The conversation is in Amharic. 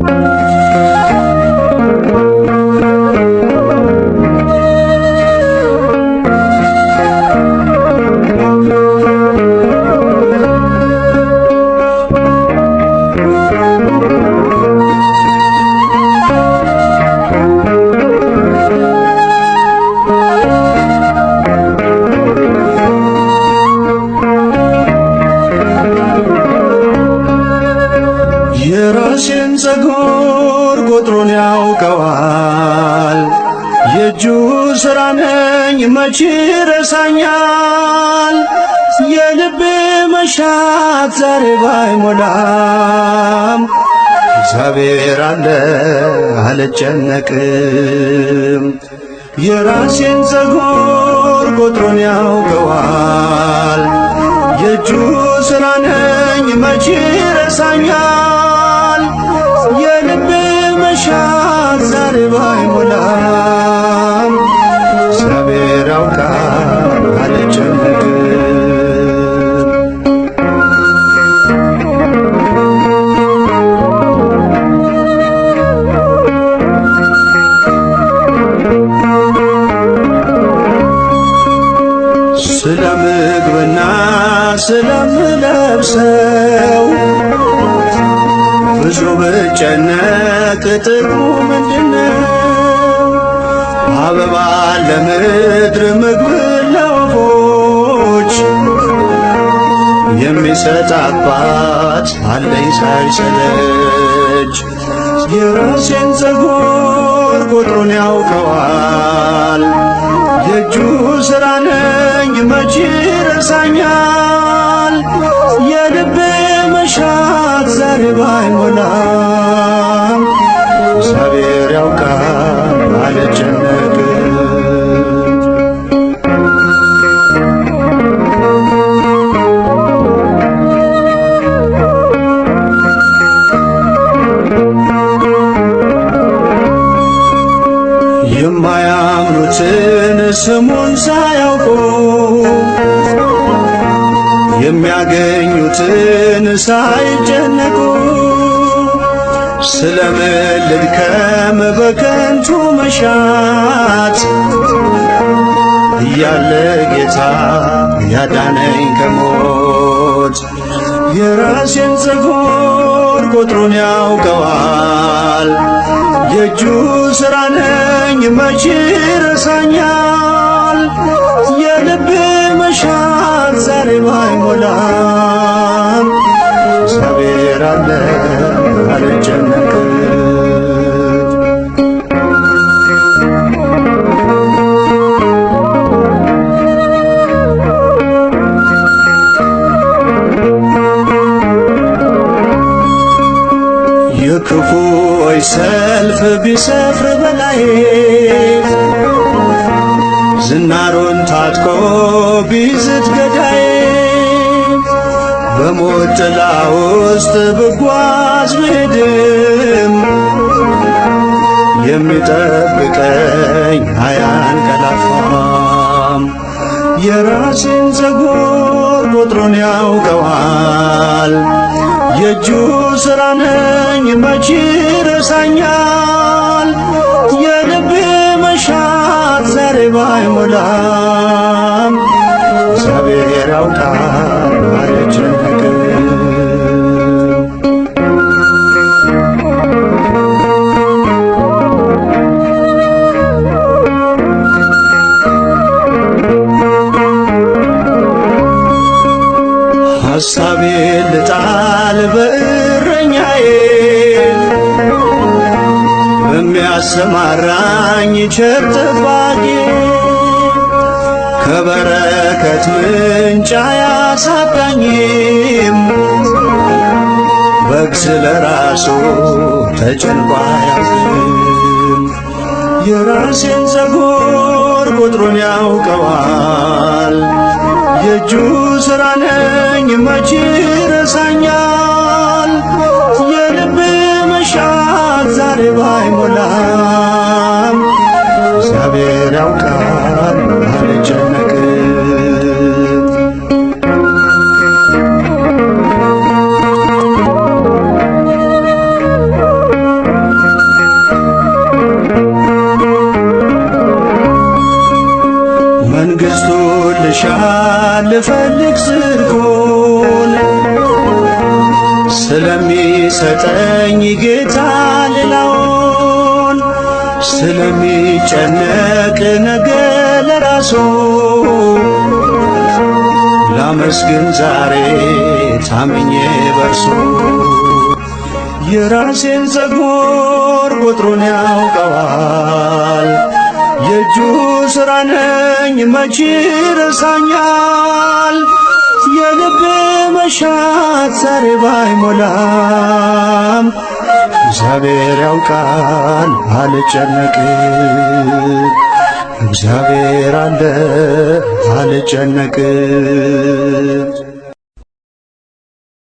Thank you. ይረሳኛል። የእጁ ሥራ ነኝ መቼ ይረሳኛል። የልቤ መሻት ዛሬ ባይሞላም እግዚአብሔር አለ አልጨነቅም። የራሴን ጸጉር ቁጥሩን ያውቀዋል። የእጁ ሥራ ነኝ መቼ ይረሳኛል። የልቤ መሻት বাঁচার ভয় মোলা ብዙ ብጨነቅ ጥቅሙ ምንድነው? አበባ ለምድር ምግብ ለወፎች የሚሰጥ አባት አለኝ ሳይሰለች። የራሴን ፀጉር ቁጥሩን ያውቀዋል የእጁ ሥራ ነኝ መቼ ረሳኛል ባይሞላም እግዚአብሔር ያውቃል አልጨነቅ የማያምኑትን ስሙን ሳያው የሚያገኙትን ሳይጨነቁ ስለምን ልድከም ከመበከንቱ መሻት እያለ ጌታ ያዳነኝ ከሞት የራሴን ፀጉር ቁጥሩን ያውቀዋል የእጁ ሥራ ነኝ መቼ ረሳኛል የልብ መሻት ዛሬ ባይሞላም እግዚአብሔር አለ አልጨነቅም። የክፉዎች ሰልፍ ቢሰፍር በላይ ዝናሩን ታጥቆ ቢዝት ገዳዬ በሞት ጥላ ውስጥ ብጓዝ ብሄድም የሚጠብቀኝ አያንቀላፋም። የራሴን ፀጉር ቁጥሩን ያውቀዋል። የእጁ ሥራ ነኝ መች ረሳኛል የልቤ አይሞላም። እግዚአብሔር ያውቃል ባሪያችን ፍቅር ሐሳቤን ልጣል በእረኛዬ በሚያሰማራኝ ቸር ጠባቂ ከበረከት ምንጭ አያሳጣኝም። በግ ስለ ራሱ ተጨንቆ የራሴን ፀጉር ቁጥሩን ያውቀዋል። የእጁ ሥራ ነኝ መቼ ረሳኛል። የልብ መሻት ዛሬ ባይሞላም እግዚአብሔር ያውቃል አልጨነቅም ልሻል ልፈልግ ጽድቁን ስለሚሰጠኝ ጌታ ሌላውን ስለሚጨነቅ ነገ ለራሱ ላመስግን ዛሬ ታምኜ በርሱ የራሴን ጸጉር ቁጥሩን ያውቀዋል። የእጁ ሥራ ነኝ መቼ ረሳኛል የልብ መሻት ዛሬ ባይሞላም እግዚአብሔር ያውቃል አልጨነቅም እግዚአብሔር አለ አልጨነቅም